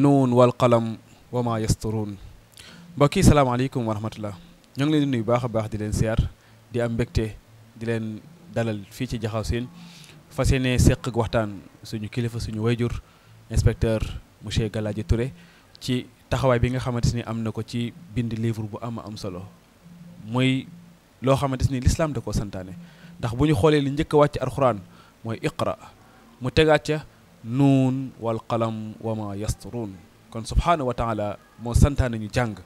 nuun wal qalam wa maa yasturuun mbokk yi salaamaaleykum wa rahmatullah ñoo ngi leen di nuyu baax a baax di leen siyaar di am mbégte di leen dalal fii ci Jaxaw Siin fas yéene seq waxtaan suñu kilifa suñu wayjur inspecteur monsieur Galadio ture ci taxawaay bi nga xamante ni am na ko ci bind livre bu am am solo muy loo xamante ni l'islam da koo santaane ndax bu ñu xoolee li njëkk a wàcc alxuraan mooy iqra mu tegaat ca nuun wal qalam wa ma yasturuun kon subhaanahu wa taala moo santaane ñu jàng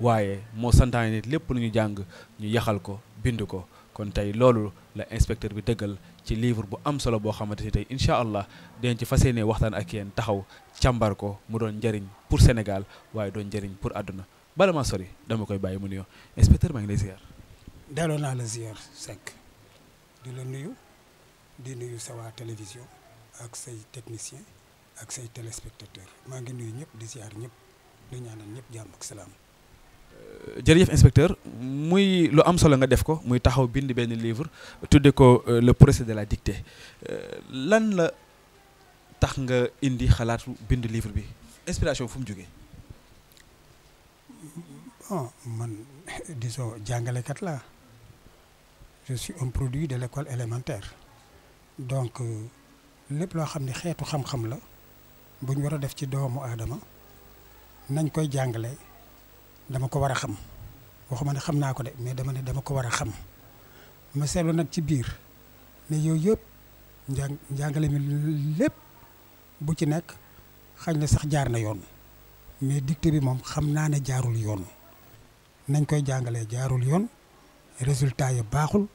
waaye moo santaane nit lépp lu ñu jàng ñu yaxal ko bind ko kon tey loolu la inspecteur bi dëggal ci livre bu am solo boo xamante ni tey incha allah dinañ fa fas yéene waxtaan ak yéen taxaw càmbar ko mu doon njëriñ pour Sénégal waaye doon njëriñ pour àdduna bala ma sori dama koy bàyyi mu nuyoo inspecteur maa ngi lay ziar. delloo naa la ziar Seck di la nuyu ak say technicien ak say téléspectateur maa ngi nuyu ñëpp di ziar ñëpp di ñaanal ñëpp jàmm ak salaam. Euh, jërëjëf inspecteur muy lu am solo nga def ko muy taxaw bind benn livre tudde ko euh, le procès de la dictée euh, lan la tax nga indi xalaatu bind livre bi inspiration fu mu jógee. bon man disons jàngalekat laa je suis un produit de l'école élémentaire donc. lépp loo xam ne xeetu xam-xam la bu ñu war a def ci doomu aadama nañ koy jàngale dama ko war a xam waxuma ne xam naa ko de mais dama ne dama ko war a xam ma seetlu nag ci biir ne yooyu yëpp njàng njàngale mi lépp bu ci nekk xañ na sax jaar na yoon mais dictée bi moom xam naa ne jaarul yoon nañ koy jàngalee jaarul yoon résultat yi baaxul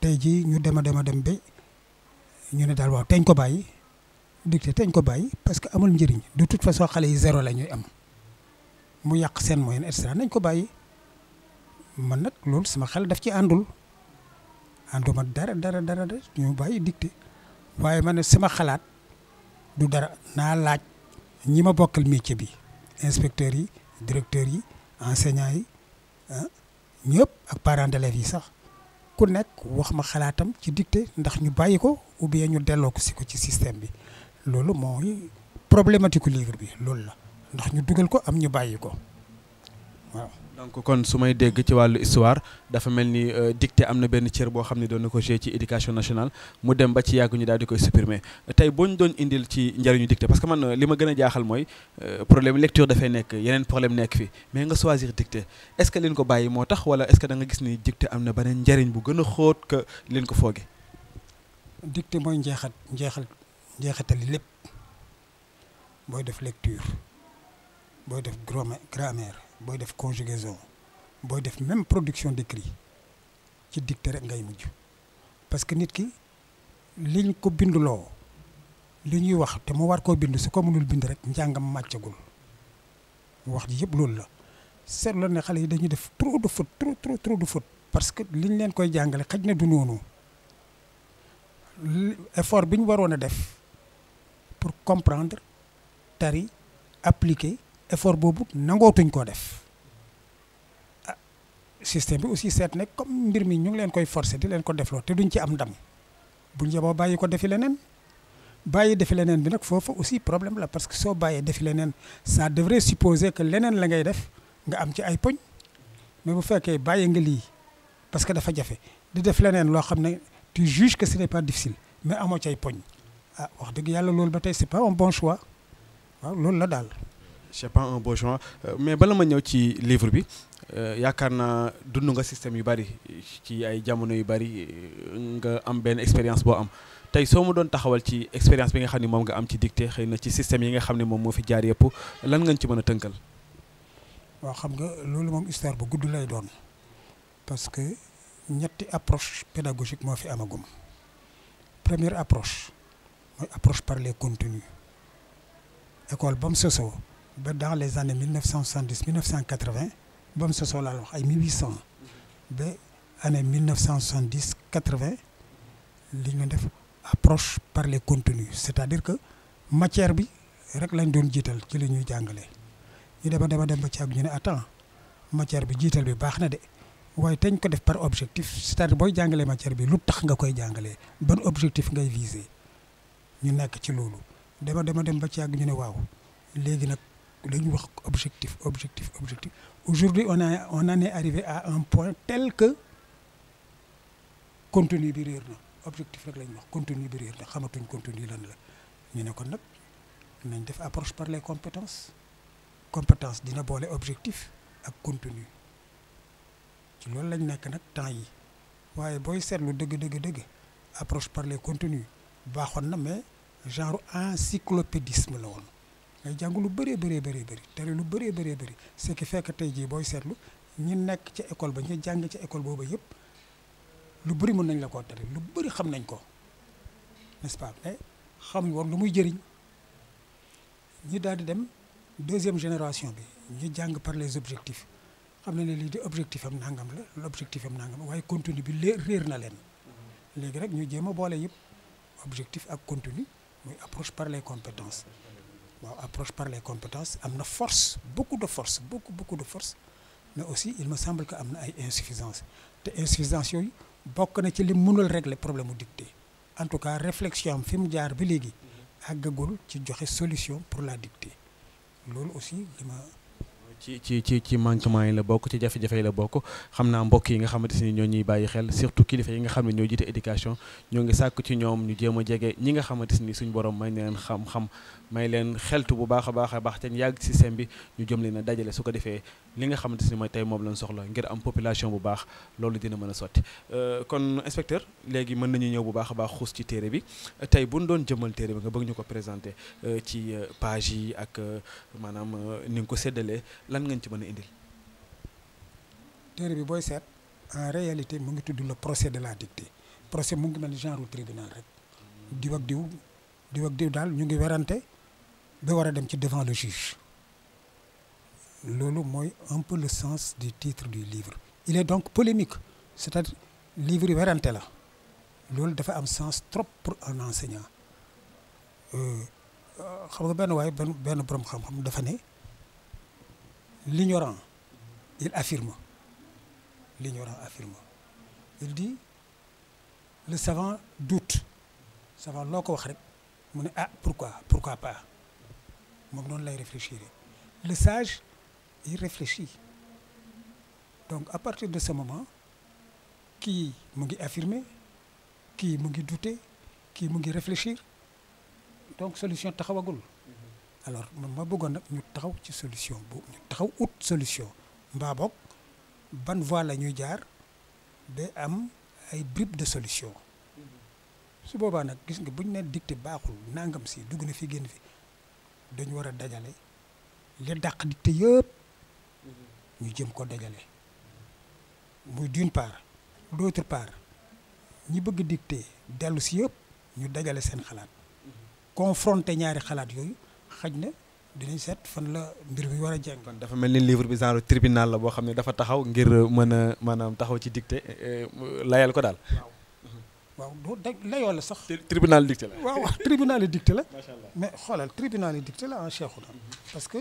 tey jii ñu dem a dem a dem ba ñu ne daal waaw teñ ko bàyyi dictée teñ ko bàyyi parce que amul njëriñ du toute façon xale yi zéro la ñuy am mu yàq seen mooy et cetera nañ ko bàyyi man nag loolu sama xel daf ci àndul ma dara dara dara ñu bàyyi dictée waaye man na sama xalaat du dara naa laaj ñi ma bokkal métier bi inspecteurs yi directeur yi enseignants yi ah, ñëpp ak parents d'élèves yi sax ku nekk wax ma xalaatam ci dictée ndax ñu bàyyi ko ou bien ñu delloo ko si ko ci système bi loolu mooy problèmatiku livre bi loolu la ndax ñu dugal ko am ñu bàyyi ko waaw donc kon su may dégg ci wàllu histoire dafa mel ni euh, dictée am na benn cër boo xam ne doon na ko joué ci éducation nationale mu dem ba ci yàgg ñu daal di koy supprimer tey boo ñu doon indil ci njëriñu dictée parce que man euh, li ma gën a jaaxal mooy euh, problème lecture dafay nekk yeneen problème nekk fi mais nga choisir dictée est-ce que leen ko bàyyi moo tax wala est-ce nga gis ni dictée am na beneen njëriñ bu gën a xoot que leen ko fooge. dictée mooy njeexat njeexal njeexital lépp booy def lecture booy def grammaire booy def conjugaison booy def même production d'écrit ci dictée rek ngay mujj parce que nit ki liñ ko binduloo li ñuy wax te mu war koo bind su ko mënul bind rek njàngam màccagul wax ji yëpp loolu la seetlu ne xale yi dañuy def trop de faute trop trop trop de faute parce que liñ leen koy jàngale xaj na du noonu effort bi ñu waroon a def pour comprendre tari appliquer effort boobu nangootuñ koo def ah système bi aussi seet ne comme mbir mi ñu ngi leen koy forcer di leen ko defloo te duñ ci am ndam buñ yeboo bàyyi ko defi leneen bàyyi defi leneen bi nag foofu aussi problème la parce que soo bàyyee defi leneen ça devrait supposer que leneen la ngay def nga am ci ay poñ mais bu fekkee bàyyi nga lii parce que dafa jafe di def leneen loo xam ne tu juges que ce n'est pas difficile mais amoo ci ay poñ ah wax dëgg yàlla loolu ba tey c'est pas un loolu la daal. c'est pas un beau choix euh, mais bala ma ñëw ci livre bi euh, yaakaar naa dund nga système yu bari ci ay jamono yu bari euh, nga am benn expérience boo am tey soo ma doon taxawal ci expérience bi nga xam ne moom nga am ci dictée xëy na ci système yi nga xam ne moom moo fi jaar yëpp lan nga ci mën a tënkal. waaw xam nga loolu moom histoire bu gudd lay doon parce que ñetti approche pédagogique moo fi amagum première approche mooy approche par les contenus école ba mu sosoo ba dans les années 1970 1980 ba mu sosoo laa wax ay 1800 ba année 1970 80 li ñu def approche par les contenus c'est-à-dire que matière bi rek lañ doon jiital ci li ñuy jàngalee ñu dema dema dem ba ci ak ñu ne attends matière bi jiital bi baax na de waaye teñ ko def par objectif cest à booy jàngalee matière bi lu tax nga koy jàngalee ban objectif ngay viser ñu nekk ci loolu dema dema dem ba ci ak ñu ne waaw léegi nag dañu wax objectif objectif objectif aujourd'hui on a on en est arrivé à un point tel que continue bi réer na objectif rek la ñu wax contenu bi réer na xamatuñ contenu lan la ñu ne kon nag nañ def approche par les compétences compétence dina boole objectif ak continue ci loolu lañ nekk nag temps yi waaye booy seetlu dëgg dëgg dëgg approche par les contenus baaxoon na mais genre encyclopédisme la woon ngay jàng lu bëree bëree bëri bëri tere lu bëree bëree bëri ce qui fait tey jii booy seetlu ñi nekk ci école ba ñi jàng ci école booba yëpp lu bëri mën nañ la ko tere lu bëri xam nañ ko n'est-ce pas mais eh, xamuñ woon lu muy jëriñ ñi daal di dem deuxième génération bi ñu jàng par les objectifs xam na ne lii di objectif am nangam la l'objectif am nangam waaye contenu bi lée réer na leen léegi rek ñu jéem a boole yëpp objectif ak contenu muy approche par les compétences waaw approche par les compétences am na force beaucoup de force beaucoup beaucoup de force mais aussi il me semble que am na ay insuffisance te insuffisance yooyu bokk na ci li mënul régler problème mu dictée en tout cas réflexion am fi mu jaar bi léegi àggagul ci joxe solution pour la dictée loolu aussi li ma ci ci ci ci manquement yi la bokk ci jafe-jafe la bokk xam naa mbokk yi nga xamante ni ñoo ñuy bàyyi xel surtout kilifa yi nga xam ne ñoo jiite éducation ñoo ngi sàkk ci ñoom ñu jéem a jege ñi nga xamante ni suñu borom may na leen xam may leen xeltu bu baax a baax a baax te yàgg ci système bi ñu jëm li na dajale su ko defee li nga xamante ni mooy tey moom lañ soxla ngir am population bu baax loolu dina mën a sotti euh, kon inspecteur léegi mën nañu ñëw bu baax a baax xuus ci téere bi tey bu ñu doon jëmal téere bi nga bëgg ñu ko présenté euh, ci euh, page yi ak maanaam ni nga ko séddalee lan ngañ ci mën a indil. téere bi booy seet en réalité mu ngi tudd le procès de la dictée procès mu ngi mel ni genre rek diw ak diw diw daal ñu ngi werante ba war dem ci devant le juge loolu mooy un peu le sens du titre du livre il est donc polémique c'est-à-dire livre yi werante la loolu dafa am sens trop pour en enseignant euh, xam nga benn waaye benn benn borom xam dafa ne l'ignorant il affirme l'ignorant affirme il dit le savant doute savant loo ko wax mu ne ah pourquoi pourquoi pas moom noonu lay réfléchir le sage il réfléchit donc à partir de ce moment kii mu ngi affirmer kii mu ngi douter kii mu ngi réfléchir donc solution taxawagul mm-hmm. alors moom ma bëggoon nag ñu taxaw ci solution bu ñu taxaw ut solution mbaa boog ban voie la ñuy jaar ba am ay bribes de solution mm-hmm. su boobaa nag gis nga bu ñu nee dicté baaxul nangam si dugg na fi génn fi dañu war a dajale li dàq di te yëpp ñu jëm ko dajale muy d'une part d'autre part ñi bëgg dicté dellu si yëpp ñu dajale seen xalaat confronté ñaari xalaat yooyu xaj na dinañ seet fan la mbir mi war a jàng. kon dafa mel ni livre bi genre tribinal la boo xam ne dafa taxaw ngir mën a maanaam taxaw ci dicté eh, eh, layal ko daal. waaw du da layoo la sax. tribunal dicté la waaw waaw tribunal dicté la. macha allah mais xoolal tribunal dicté la ah Cheikhouna. parce que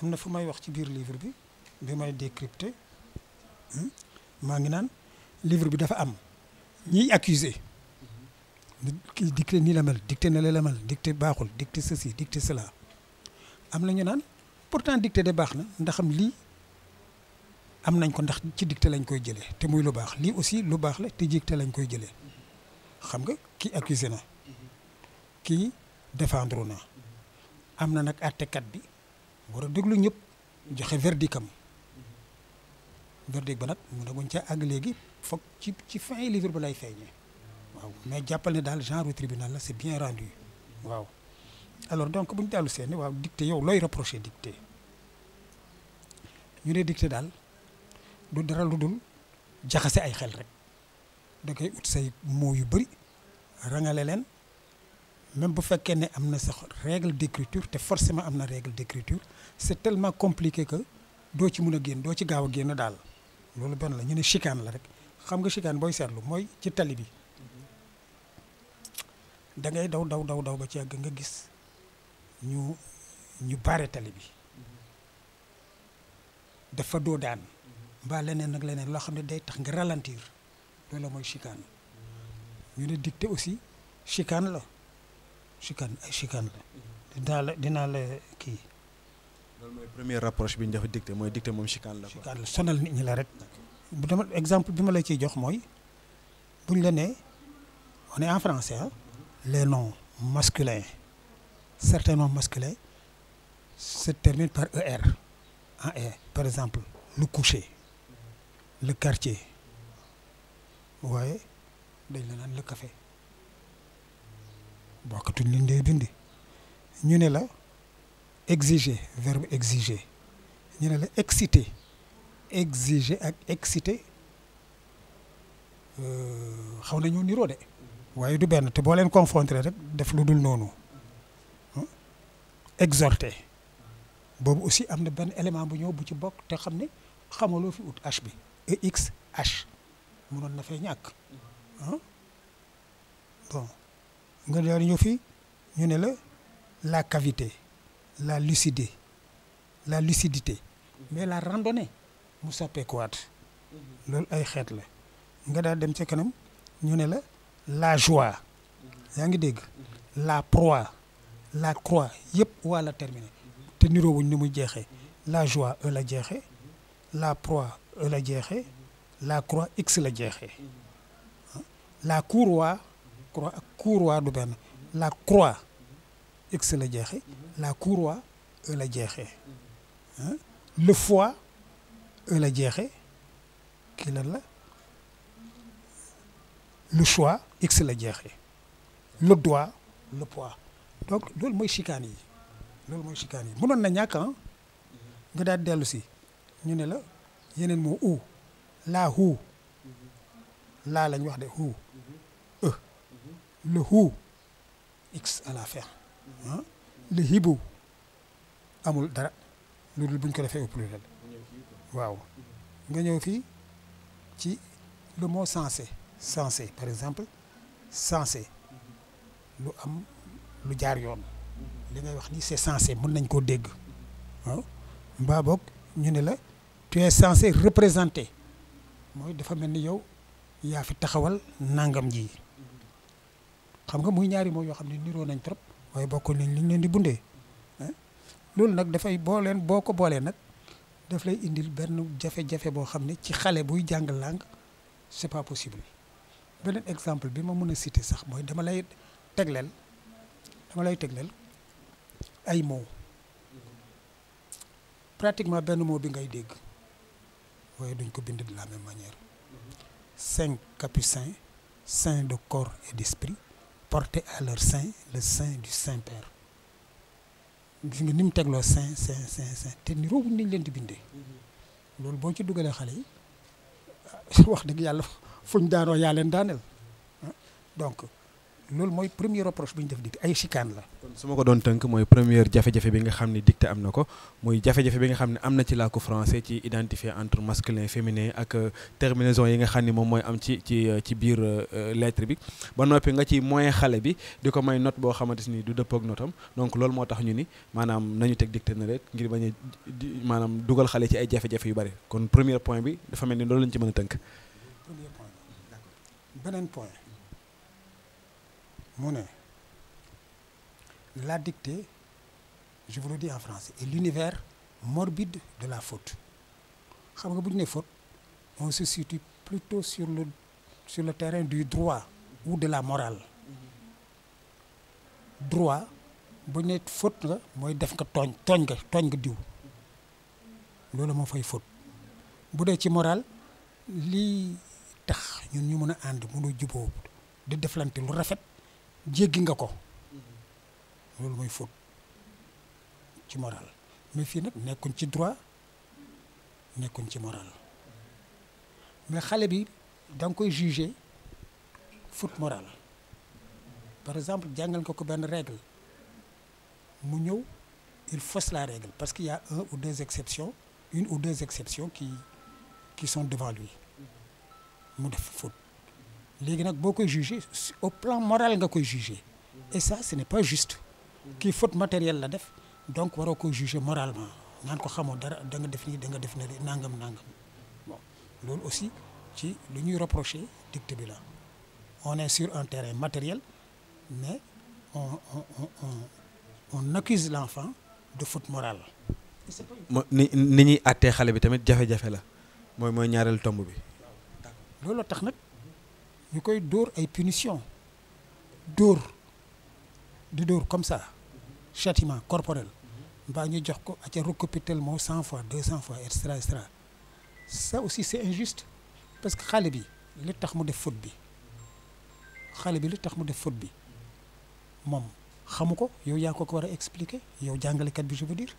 am na fu may wax ci biir livre bi bi may décrypter hmm, maa ngi naan livre bi dafa am ñiy accusé kii dicté nii la mel dicté na la la mel dicté baaxul dicté ceci dicté cela am na ñu naan pourtant dicté de baax na ndaxam lii am nañ ko ndax ci dicté lañ koy jëlee te muy lu baax lii aussi lu baax la te dicté lañ koy jëlee. xam nga kii accusé na kii défendre na am na nag àttekat bi war a déglu ñëpp joxe verdict am verdict ba nag mu ne ca àgg léegi foog ci ci fin livre ba lay feeñee waaw mais jàppal ne daal genre tribunal la c'est bien rendu waaw alors donc buñ dellu seeni waaw te yow looy reproché dicté ñu ne dicté daal du dara lu dul jaxase ay xel rek da ngay ut say mots yu bëri rangale leen même bu fekkee ne am na sax règle d'écriture te forcément am na règle d'écriture c'est tellement compliqué que doo ci mun a génn doo ci gaaw a génn daal loolu benn la ñu ne chicane la rek xam nga chicane booy seetlu mooy ci tali bi da ngay daw daw daw daw ba ci yàgg nga gis ñu ñu baare tali bi dafa doo daan mbaa leneen nag leneen loo xam ne day tax nga ralentir loolu la mooy chicane ñu ne dictée aussi chicane la chicane ay chicane la dinaa la dinaa la kii. loolu mooy première rapproche bi ñu def dictée mooy dictée moom chicane la. chicane la sonal nit ñi la rek. bu dama exemple bi ma la ciy jox mooy buñ la nee on est en français ah. les noms masculins certains noms masculins se terminent par er en er par exemple le coucher le quartier. waaye dañ la naan la kafe bokkatuñ liñ lay dindi ñu ne la exiger verbe exiger ñu ne la excité exiger ak exciter euh, xaw nañu niroo de waaye du benn te boo leen confronter rek def lu dul noonu hmm? exhorter boobu aussi am na benn élément bu ñëw bu ci bokk te xam ne loo fi ut H bi EX H. mënoon na fee ñàkk ah bon nga daal fi ñu ne la la cavité la lucidité la lucidité mais la randonnée mu soppeekuwaat loolu ay xeet la nga daal dem ca kanam ñu ne la la joie yaa ngi dégg la proie la croix yëpp waa la terminé te niroo wuñ ni mu jeexee la joie e la jeexee la proie e la jeexee la croix x la jeexee la cour croix ak courroie benn la croix x la jeexee la courroie e la jeexee le foie e la jeexe kii lan la le choix x la jeexee le doigt le poids donc loolu mooy chicane yi loolu mooy chicane yi na ñàkk ah? nga daal dellu ñu ne la yeneen moo u laa huu laa lañ wax de huu e le huu x à la fin ah amul dara loolu buñ ko defee au pluriel waaw nga ñëw fii ci le mot sensé sensé par exemple sensé lu am lu jaar yoon li ngay wax ni c'est sensé mun nañ koo dégg waaw mbaa boog ñu ne la tu es censé représenter mooy dafa mel ni yow yaa fi taxawal nangam ji xam nga muy ñaari moom yoo xam ne niroo nañ trop waaye bokkul nañ li ñu leen di bundee loolu nag dafay booleen boo ko boolee nag daf lay indil benn jafe-jafe boo xam ne ci xale buy jàng làng c'est pas possible beneen exemple bi ma mën a citer sax mooy dama lay tegleel dama lay tegleel ay mots pratiquement benn mot bi ngay dégg. waaye duñ ko bind de la même manière cinq capucins saints de corps et d'esprit portaient à leur sein le sein du Saint-Père gis nga ni mu tegloo saint saint saint saint te ni roobu niñ leen di bindee mm-hmm. loolu boo ci dugalee xale yi wax dëgg yàlla fuñ daanoo yaa leen daaneel ah, donc loolu mooy premier reproche bu ñu def dictée ay chicanes la. kon su ma ko doon tënk mooy première jafe-jafe bi nga xam ne dictée am na ko muy jafe-jafe bi nga xam ne am na ci làkku français ci identifier entre masculin féminin ak euh, terminaison yi nga xam ne moom mooy am ci ci euh, ci biir euh, lettre bi ba noppi nga ci moyen xale bi di ko may not boo xamante ni du dëppook notam donc loolu moo tax ñu ni maanaam nañu teg dictée na rek ngir bañ a maanaam dugal xale ci ay jafe yu bari kon premier point bi dafa mel loolu lañ mën a tënk. premier point mu ne la dictée je vous le dis en français est l'univers morbide de la faute xam nga buñ ne faute on se situe plutôt sur le sur le terrain du droit ou de la morale droit bu ñu ne faute nga mooy def nga tooñ tooñ nga tooñ nga diw loolu moo fay faute bu dee ci morale lii tax ñun ñu mën a ànd mën a juboo di deflante lu rafet jéggi nga ko loolu mooy faute ci moral mais fii nag nekkuñ ci droit nekkuñ ci moral mais xale bi da nga koy juger foot morale par exemple jàngal nga ko benn régle mu ñëw il fausse la règle parce que y a un ou deux exceptions une ou des exceptions qui qui sont devant lui mu def faute léegi nag boo koy jugé au plan moral nga koy jugé et ça ce n'est pas juste kii faute matériel la def donc waroo koy jugé moralement naan ko xamoo dara da nga def nii da nga def na nangam nangam bon loolu aussi ci lu ñuy reproché dict bi la on est sur un terrain matériel mais on on on on, on accuse l'enfant de faute morale. ni ni ñuy àttee xale bi tamit jafe-jafe la mooy mooy ñaareelu tomb bi. looloo tax nag. ñu koy dóor ay punition dóor di dóor comme ça châtiment corporel mbaa ñu jox ko aca recopitel moo cent fois deux cent fois et cetera et cetera ça aussi c'est injuste parce que xaale bi li tax mu def faute bi xale bi li tax mu def faute bi moom xamu ko yow yaa ko ko war a expliquer yow jàngalekat bi je veux dire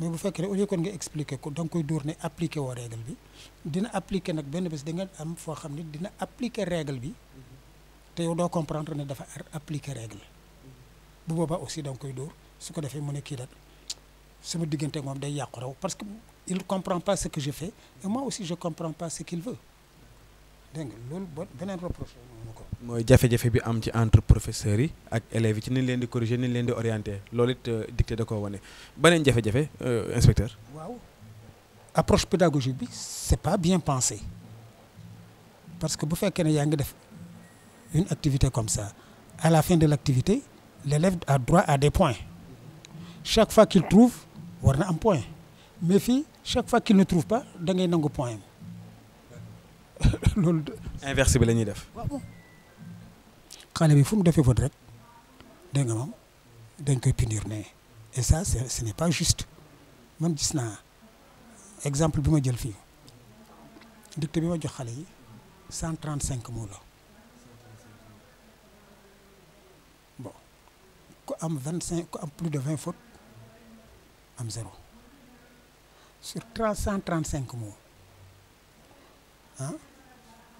mais bu fekkee ne au lieu kon nga expliquer ko da koy dóor ne appliquer woo règle bi dina appliquer nag benn bés da nga am foo xam ne dina appliquer règle bi te yow doo comprendre ne dafa appliquer règle bu boobaa aussi da nga koy dóor su ko defee mu ne kii daal sama diggante moom day yàqu raw parce que il comprend pas ce que je fais et moi aussi je comprends pas ce qu'il veut dégg nga loolu ba beneen reproche la ko. mooy jafe-jafe bi am ci entre professeurs yi ak élèves yi ci ni leen di corriger ni leen di orienter loolu it euh, dicté da koo wane beneen jafe-jafe euh, inspecteur. waaw approche pédagogique bi c'est pas bien pensé parce que bu fekkee ne yaa ngi def une activité comme ça à la fin de l'activité l'élève a droit à des points chaque fois qu'il trouve war na am point mais fii chaque fois qu'il ne trouve pas da ngay nangu point loolu. inverse bi lañuy def. xale bi fu mu defee vote rek dégg nga moom dañ koy punir ne et ça ce n'est pas juste man gis naa exemple bi ma jël fii dictée bi ma jox xale yi cent trente cinq mots la am vingt cinq am plus de vingt fautes am zéro sur trois cent trente cinq ah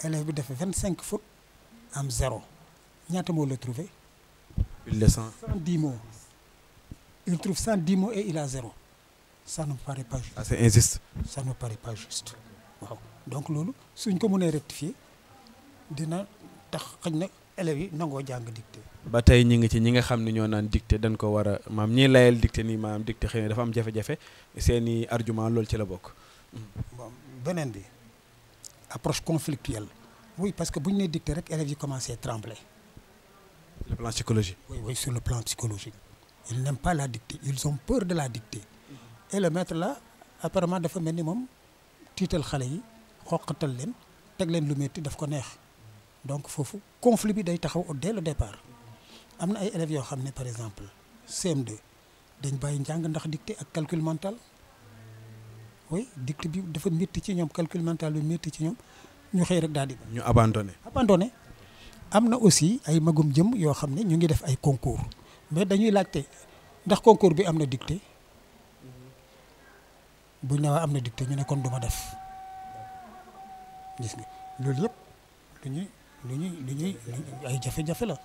élève bi defee vingt cinq fautes am zéro ñaata moo la trouvé. il de cent dix mots. il trouve cent dix mots et il a zéro ça ne me paraît pas juste. ah c'est injuste. ça pas juste donc loolu suñ ko mënee rectifier dina tax xëy na élèves yi nangoo jàng dictée. ba tey ñi ngi ci ñi nga xam ne ñoo naan dictée dañ ko war maam ñiy layal dictée nii maanaam dictée xëy na dafa am jafe-jafe seen i argument loolu ci la bokk. bi. approche conflictuelle oui parce que bu ñu nee dictée rek élèves yi commencé trembler. sur le plan psychologique. oui oui sur le plan psychologique. ils pas la dictée ils ont peur de la dictée. et le maître là apparemment dafa mel ni moom tiital xale yi xoqatal leen teg leen lu métti daf ko neex donc foofu conflit bi day taxaw dès le départ am na ay élèves yoo xam ne par exemple cm dañ bàyyi njàng ndax dicté ak calcul oui dict bi dafa métti ci ñoom calcul mental bi métti ci ñoom ñu xëy rek daal di. ñu abandonné. abandonné am na aussi ay magum jëm yoo xam ne ñu ngi def ay concours mais dañuy laajte ndax concours bi am na dictée bu ne am na dictée ñu ne kon du def gis loolu yëpp lu ñuy lu ñuy lu ñuy ay jafe-jafe la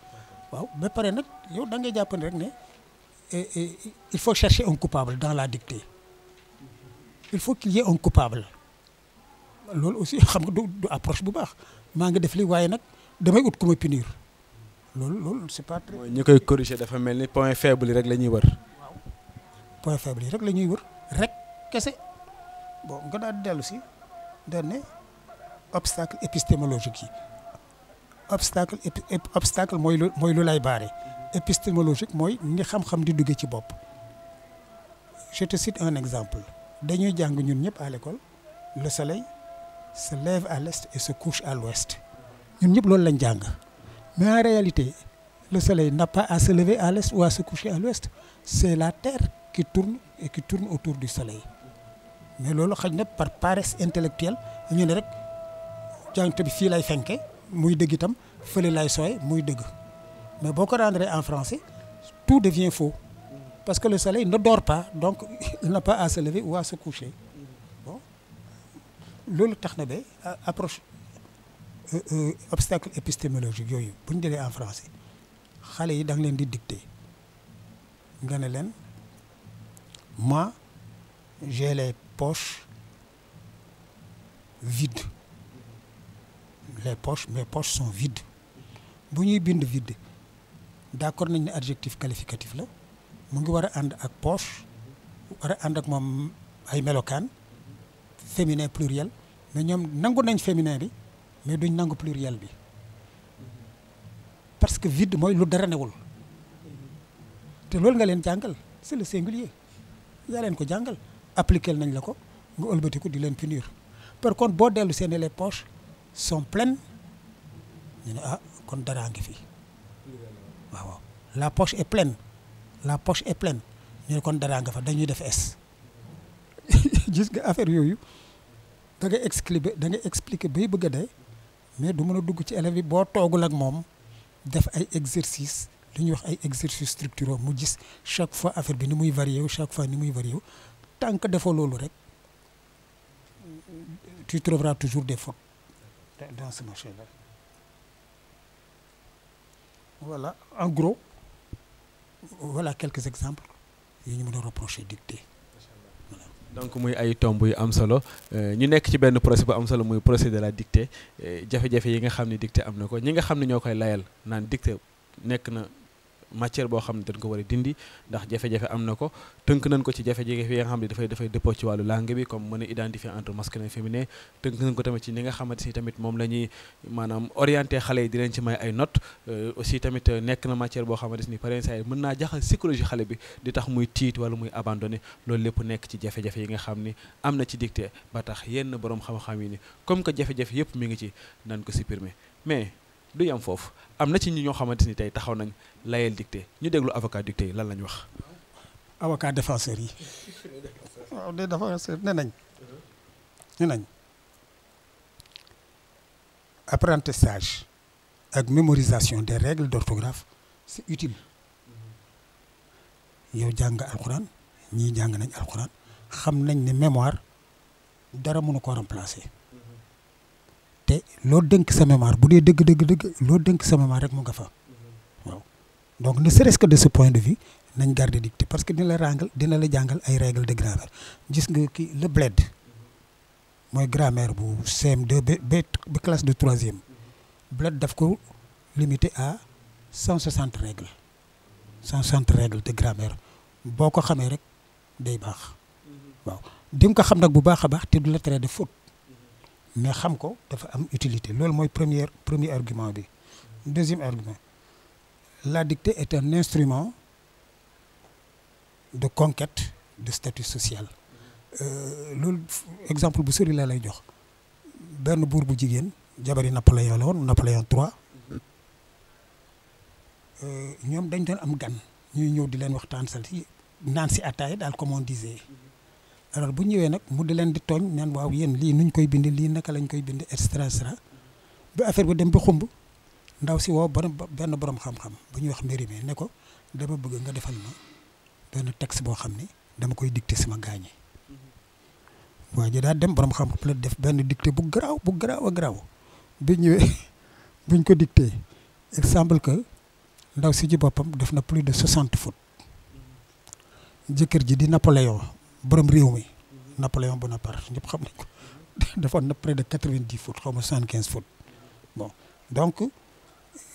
waaw ba pare nag yow da ngay jàppandi rek ne eh, eh, il faut chercher un coupable dans la dictée. il faut qu'il y ait coupable loolu aussi xam nga du approche bu baax maa ngi def li waaye nag damay ut ku ma punir loolu loolu c'est pas très. mooy ñi koy dafa mel ni point faible yi rek la ñuy wër. waaw point faible yi rek la wër rek kese bo nga daal di dellu si daal ne obstacle épistémologique yi obstacle obstacle mooy lu mooy lu lay baare épistémologique mooy ngi xam-xam di duggee ci bopp je te cite un exemple. dañuy jàng ñun ñëpp à lekkool le soleil se lève à l'est et se couche à l'ouest ñun ñëpp loolu lañ jàng mais en réalité le soleil n'a pas à se lever à l'est ou à se coucher à l'ouest c'est la terre qui tourne et qui tourne autour du soleil mais loolu xaj na par paresse intellectuelle ñu ne rek jàngte bi fii lay fenke muy dëgg itam fële lay sooy muy dëgg mais boo ko rendre en français tout devient faux parce que le soleil ne dort pas donc n'a pas à se lever ou à se coucher bon loolu tax na ba approche euh, euh, obstacle épistémologique yooyu bu ñu jëlee en français xale yi da leen di dicter nga ne leen moi j'ai les poche vide les poches mes poches sont vides bu ñuy bind vide d'accord nañ ne adjectif qualificatif la. mu ngi war a ànd ak poche war ànd ak moom ay melokaan féminin pluriel mais ñoom nangu nañ féminin bi mais duñ nangu pluriel bi parce que vide mooy lu dara newul te loolu nga leen jàngal c'est le singulier yaa leen ko jàngal appliquer nañ la ko nga ëlbatiku di leen punir par contre boo dellu seen les poches sont pleines ñu ne ah kon daraa ngi fi waaw la poche est pleine la poche et pleine ñu kon dara nga fa dañuy def es gis nga affaire yooyu da nga expliquer da nga expliquer bay bëgg a dee mais du mën a dugg ci élève bi boo toogul ak moom def ay exercice lu ñuy wax ay exercices structuraux mu jis chaque fois affaire bi ni muy varié wu chaque fois ni muy varié wu tant que defoo loolu rek tu trouveras toujours des fautes dans ce machin là voilà quelques exemples yi ñu mën a reprocher dictée donc muy ay tomb yu am solo euh, ñu nekk ci benn procès bu am solo muy procès de la dictée euh, jafe-jafe yi nga xam ne dictée am na ko ñi nga xam ne ñoo koy layal naan dictée nekk na matière boo xam ne dañ ko war a dindi ndax jafe-jafe am na ko tënk nañ ko ci jafe-jafe nga xam ne dafay dafay dëppoo ci wàllu langue bi comme mën a identifier entre masculin féminin tënk nañ ko tamit ci ni nga xamante ni tamit moom la ñuy maanaam orienté xale yi dinañ ci may ay notes euh, aussi tamit euh, nekk na matière boo xamante ni parents yi mën naa jaxal psychologie xale bi di tax muy tiit wala muy abandonné loolu lépp nekk ci jafe-jafe yi nga xam ni am na ci dictée ba tax yenn borom xam-xam yi ni comme que jafe yëpp mi ngi ci nañ ko supprimer mais du yem foofu am na ci ñi ñoo xamante ni tey taxaw nañ layel dicté ñu déglu avocat dicté yi lan lañ wax. avocat défenseur yi. waaw des défenseurs nee nañ. nee nañ apprentissage ak mémorisation des règles d'orthographe c'est utile yow jàng alxuraan ñii jàng nañ alxuraan xam nañ ne mémoire dara mënu ko remplacer. te loo dënk sa mémoire bu dee dëgg dëgg dëgg loo dënk sa mémoire rek mu nga fa waaw donc ne serait-ce que de ce point de vue nañ garder dictée parce que dina la ràngal dina la jàngal ay règles de grammaire gis nga kii le bled mooy grammaire bu CM2 ba ba classe de troisième bled daf ko limité à 160 règles 160 règles de grammaire boo ko xamee rek day baax mm-hmm. waaw di ko xam nag bu baax a baax te du la traité de faute. mais xam ko dafa am utilité loolu mooy première première argument bi deuxième argument la dicté est un instrument de conquête de statut social euh, loolu exemple bu sori laa lay jox benn buur bu jigéen jabari Napoléon la woon Napoléon III euh, ñoom dañ doon am gan ñuy ñëw di leen waxtaan sal naan si ataaya daal comme alors bu ñëwee nag mu di leen di tooñ naan waaw yéen lii nuñ koy bind lii naka lañ koy bind et cetera bu affaire bi dem bi xumb ndaw si woo borom benn borom xam-xam bu ñuy wax mbir mi ne ko dama bëgg nga defal ma benn texte boo xam ne dama koy dicté sama gaañi mm-hmm. waa ji daal dem borom xam-xam la def benn dicté bu garaaw bu garaaw a garaaw bi ñëwee buñ ko dicté exemple semble que ndaw si ji boppam def na plus de soixante foot mm-hmm. jëkkër ji di Napoléon borom réew mi Napoléon Bonaparte ñëpp xam nañ ko dafa na près de quatre-vingt-dix foot xaw ma soixante-quinze foot bon donc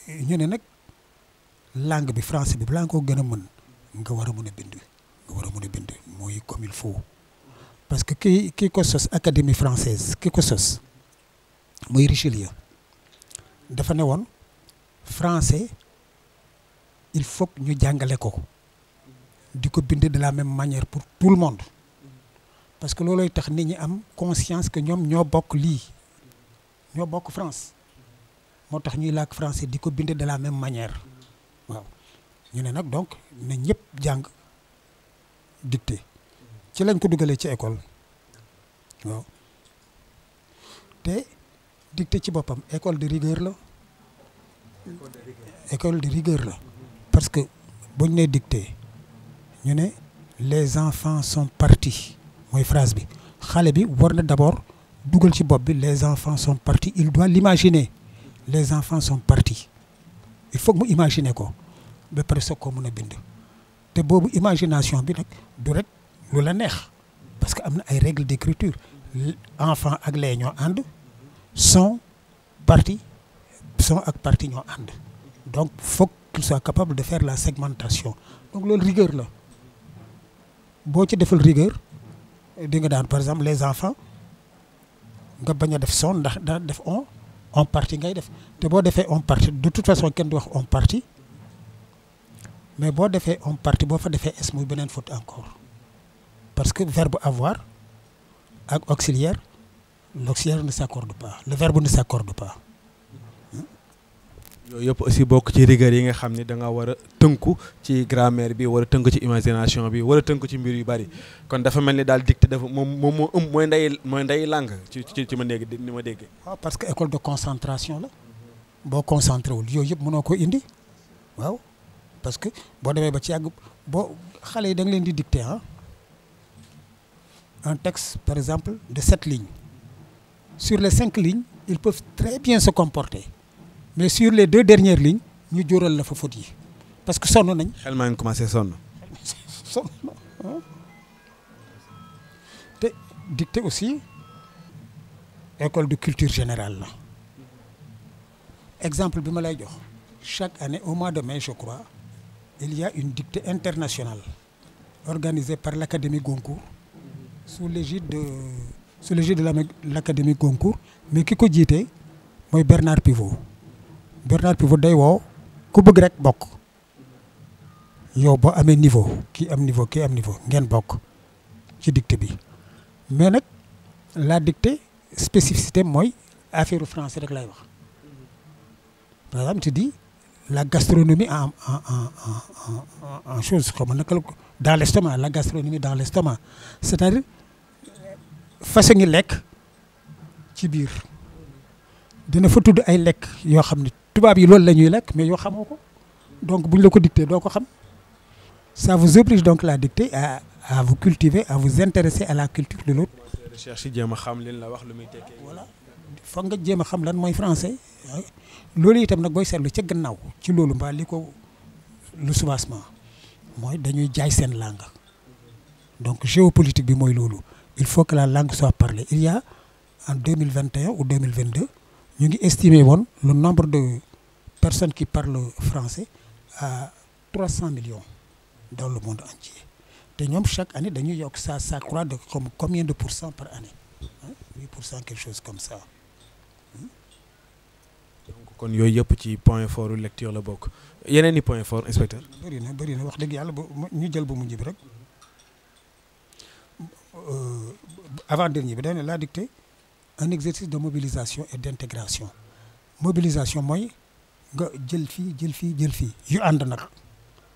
ñu ne nag langue bi français bi balaa nga koo gën a mën nga war a mën a bind nga war bind mooy comme il faut parce que ki kii ko sos académie française kii ko sos muy Richelieu dafa ne woon français il faut ñu jàngale ko di ko bind de la même manière pour tout le monde parce que loolooy tax nit ñi am conscience que ñoom ñoo bokk lii ñoo bokk France moo tax ñuy làkk français di ko bind de la même manière waaw ñu ne nag donc na ñëpp jàng dictée ci lañ ko dugalee ci école waaw te dictée ci boppam école de rigueur la école de la parce que buñ ne dictée ñu ne les enfants sont partis mooy phrase bi xale bi war na d'abord dugal ci bopp bi les enfants sont partis il doit l'imaginer les enfants sont partis il faut mu imaginer ko ba pare soog koo mën a bind te boobu imagination bi nag du lu la neex parce que am na ay règles d'écriture enfant ak les ñoo ànd sont partis sont ak partis ñoo ànd donc faut qu'il soit capable de faire la segmentation donc loolu rigueur la boo ci defal rigueur di nga daan par exemple les enfants nga bañ a def son ndax daal def on on partie ngay def te boo defee on partie de toute façon kenn di wax on partie mais boo defee on partie boo fa defee es muy beneen faute encore parce que verbe avoir ak auxiliaire l'auxiliaire ne de pas le verbe ne de pas yooyu yëpp aussi bokk ci rigueur yi nga xam ni da nga a tënku ci grammaire bi war a tënku ci imagination bi war a tënku ci mbir yu bari kon dafa mel ni daal dictée dafa moom moom moo ëmb mooy nday mooy nday langue ci ci ci ma dégg ni ma déggee. waaw ah, parce que école de concentration la boo concentré wul yooyu yëpp mënoo ko indi waaw parce que boo demee ba ci yàgg boo xale yi da leen di dicté ah un texte par exemple de sept lignes sur les cinq lignes ils peuvent très bien se comporter. mais sur les deux dernières lignes ñu jóoral la fa faute yi parce que sonn nañ. xel maa ngi commencé sonn. Ah. te dictée aussi école de culture générale la exemple bi ma lay jox chaque année au mois de mai je crois il y une dictée internationale organisée par l' académie Goncourt sous l'égide de sous l'égide de l' académie Goncourt mais ki ko jiite mooy Bernard Pivot. Bernard Pivot day woow ku bëgg rek bokk yow boo amee niveau kii am niveau kii am niveau ngeen bokk ci dikk bi mais nag la dictée spécificité mooy affaire français rek lay wax par exemple ti di la gastronomie en en en en en chose xaw ma naka la ko dans l'estomac la gastronomie dans l'estomac c'est-à-dire façon yi lekk ci biir dina fa tudd ay lekk yoo xam ne tubaab yi loolu la ñuy lekk mais yow xamoo ko donc bu ñu la ko dicté doo ko xam ça vous oblige donc la dictée à à vous cultiver à vous intéresser à la culture de l'autre recherche yi a xam li la wax lu muy tekkee voilà foog nga jéem a xam lan mooy français loolu itam nag booy seetlu ca gannaaw ci loolu mbaa li ko lu soubassement mooy dañuy jaay seen langue donc géopolitique bi mooy loolu il faut que la langue soit parlée il y a en 2021 ou 2022 ñu ngi estimé woon le nombre de personnes qui parlent français à 300 millions dans le monde entier te ñoom chaque année dañuy yokk ça ça croît de comme combien de pour cent par année hein? 8 pour cent quelque chose comme ça. donc kon yooyu yëpp ci point fort lecture la bokk yeneen i point fort inspecteur. bëri na bëri na wax dëgg yàlla ba ñu jël ba mu njëb rek euh, avant dernier bi dañu la dicté un exercice de mobilisation et d' intégration mobilisation mooy. nga jël fii jël fii jël fii yu ànd nag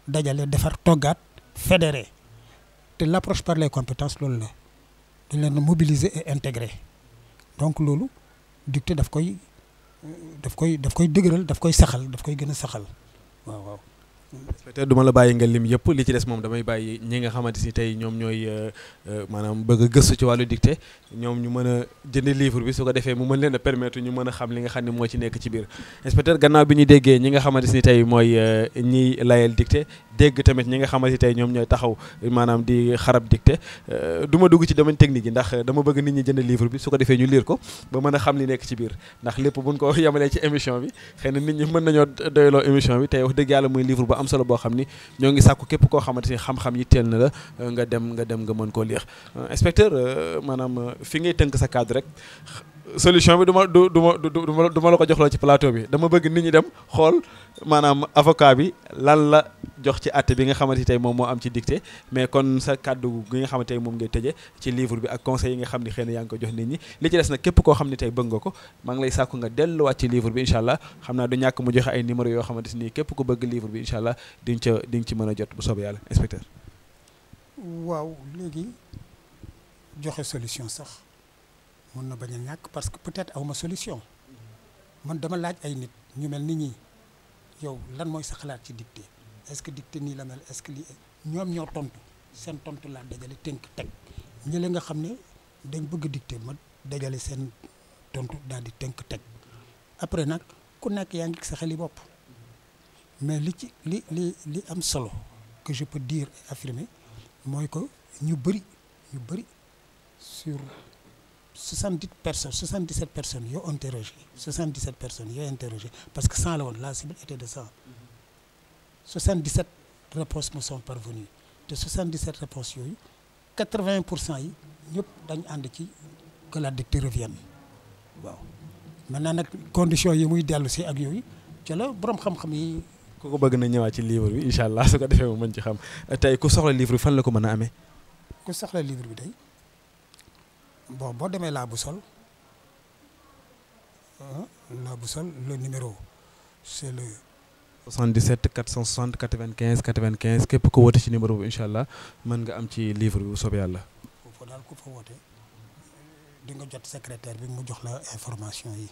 dajale defar toggaat fédéré te l'approche par les compétences loolu la dañ leen mobiliser et intégrer donc loolu dicté daf koy daf koy daf koy dëgëral daf koy saxal daf koy gën a saxal waaw waaw inspecteur du ma la bàyyi nga lim yëpp li ci des moom damay bàyyi ñi nga xamante si tey ñoom ñooy euh, euh, maanaam bëgg gëstu ci wàllu dictée ñoom ñu mën a jënd livre bi su ko defee a ñu mën xam li nga xam ne moo ci nekk ci biir inspecteur gannaaw bi ñu déggee ñi euh, ñi nga xamante si tey ñoom ñooy taxaw maanaam ma dugg ci domaine technique yi ndax dama bëgg nit ñi jënd livre bi ko ñu lire ko ba mën a xam li nekk ci biir ndax lépp buñ ko yemalee ci émission bi xëy nit ñi mën nañoo doyloo émission bi tey wax dëgg yàlla muy livre bu am solo boo xam ni ñoo ngi sàkku képp koo xamante ni xam-xam yi teel na la nga dem nga dem nga mën koo liir euh, inspecteur euh, maanaam euh, fi ngay tënk sa cadre rek solution bi du ma du du ma du la ko joxloo ci plateau bi dama bëgg nit ñi dem xool maanaam avocat bi lan la jox ci àtte bi nga xamante ni tey moom moo am ci dictée mais kon sa kàddu gi nga xamante ni moom nga tëje ci livre bi ak conseil yi nga xam ne xëy na yaa ngi ko jox nit ñi li ci des nag képp koo xam ne tey bëgg nga ko maa ngi lay sàkku nga delluwaat ci livre bi incha allah xam naa du ñàkk mu joxe ay numéro yoo xamante ni képp ko bëgg livre bi incha allah ca di nga ci a jot bu soobee yàlla inspecteur waaw solution sax mun na bañ a ñàkk parce que peut-être awma solution man dama laaj ay nit ñu mel ni ñii yow lan mooy sa xalaat ci dictée est-ce que dictée nii la mel est-ce que lii ñoom ñoo tontu seen tontu laa dajale tënk teg ñële nga xam ne dañ bëgg dictée ma dajale seen tontu daal di tënk teg après nag ku nekk yaa ngi sa xeli bopp mais li ci li li li am solo que je peux dire et mooy que ñu bëri ñu bëri sur soixante-dix personnes soixante-dix-sept personnes yoo interrogé soixante-dix-sept personnes yoo interrogé parce que cent la woon la cible était de cent soixante-dix-sept réponses me sont parvenues te soixante-dix-sept réponses yooyu quatre-vingt pour cent yi ñëpp dañ ànd ci que l'addicté revienne waaw naa nag conditions yi muy dellu si ak yooyu ca la boroom xam-xam yi ku ko bëgg na ñëwaat ci livre bi incha allah su ko defee mu mën ci xam tey ku soxla livre bi fan la ko mën a amee ku soxla livre bi day bon boo demee laa bu sol laa bu sol le numéro c'est le 77 460 95 95 képp ko woote ci numéro bi incha allah mën nga am ci livre bi bu soobee yàlla. foofu daal ku fa woote di nga jot secrétaire bi mu jox la information yi.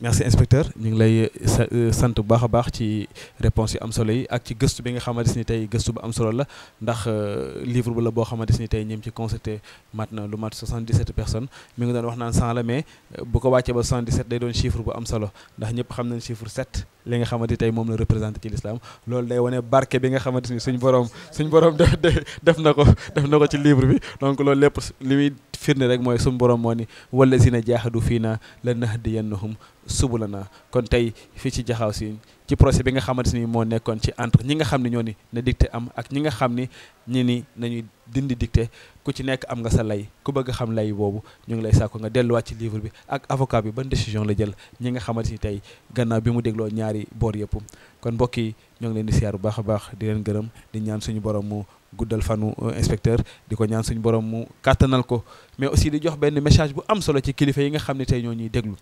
merce inspecteur ñu ngi lay euh, euh, sant bu baax a baax ci réponse yu am solo yi ak ci gëstu bi nga xamante ni tey gëstu bu am solo la ndax euh, livre bu la boo xamante ni tey ñim ci constaté mat na lu mat 77 personnes mu ngi doon wax naan 100 la mais bu ko wàccee ba 77 day doon chiffre bu am solo ndax ñëpp xam nañ chiffre 7 li nga xamante ni tey moom la représenté ci l'islam loolu day wane barke bi nga xamante ni suñ borom suñ borom def na ko def na ko ci livre bi donc loolu lépp li muy firnde rek borom moo ni wala si na jaaxadu fii na la nahdiyannahum subula na kon tey fii ci jaxaaw siin ci procès bi nga xamante ni moo nekkoon ci entre ñi nga xam ne ñoo ni na dicté am ak ñi nga xam ni ñi ni nañuy dindi dicté ku ci nekk am nga sa lay ku bëgg xam lay boobu ñoo ngi lay sàkku nga delluwaat ci livre bi ak avocat bi ban décision la jël ñi nga xamante si tey gannaaw bi mu dégloo ñaari boor yëpp kon mbokk yi ñoo ngi leen di siyaar bu baax a baax di leen gërëm di ñaan suñu borom mu guddal fanu euh, inspecteur di ko ñaan suñu borom mu kàttanal ko mais aussi di jox benn message bu am solo ci kilifa yi nga xam ne tey ñoo ñuy déglu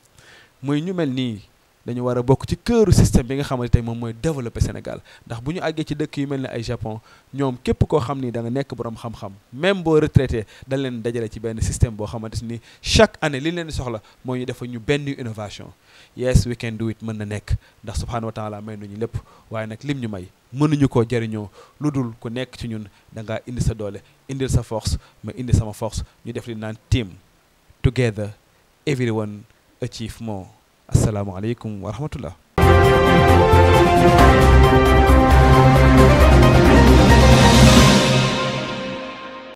mooy ñu mel nii dañu war a bokk ci këru système bi nga xamante tey moom mooy développer Sénégal ndax bu ñu àggee ci dëkk yu mel ne ay Japon ñoom képp koo xam ni danga nekk boroom xam-xam même boo retraité dañ leen dajale ci benn système boo xamante ni chaque année li leen soxla moo ñu defa ñu benn innovation yes we can do it mën na nekk ndax subhanahu wa taala may ñu lépp waaye nag lim ñu may mënuñu koo jëriñoo lu dul ku nekk ci ñun da ngaa indi sa doole indil sa force ma indi sama force ñu def li naan team together everyone achieve more assalamu alaikum wa rahmatullah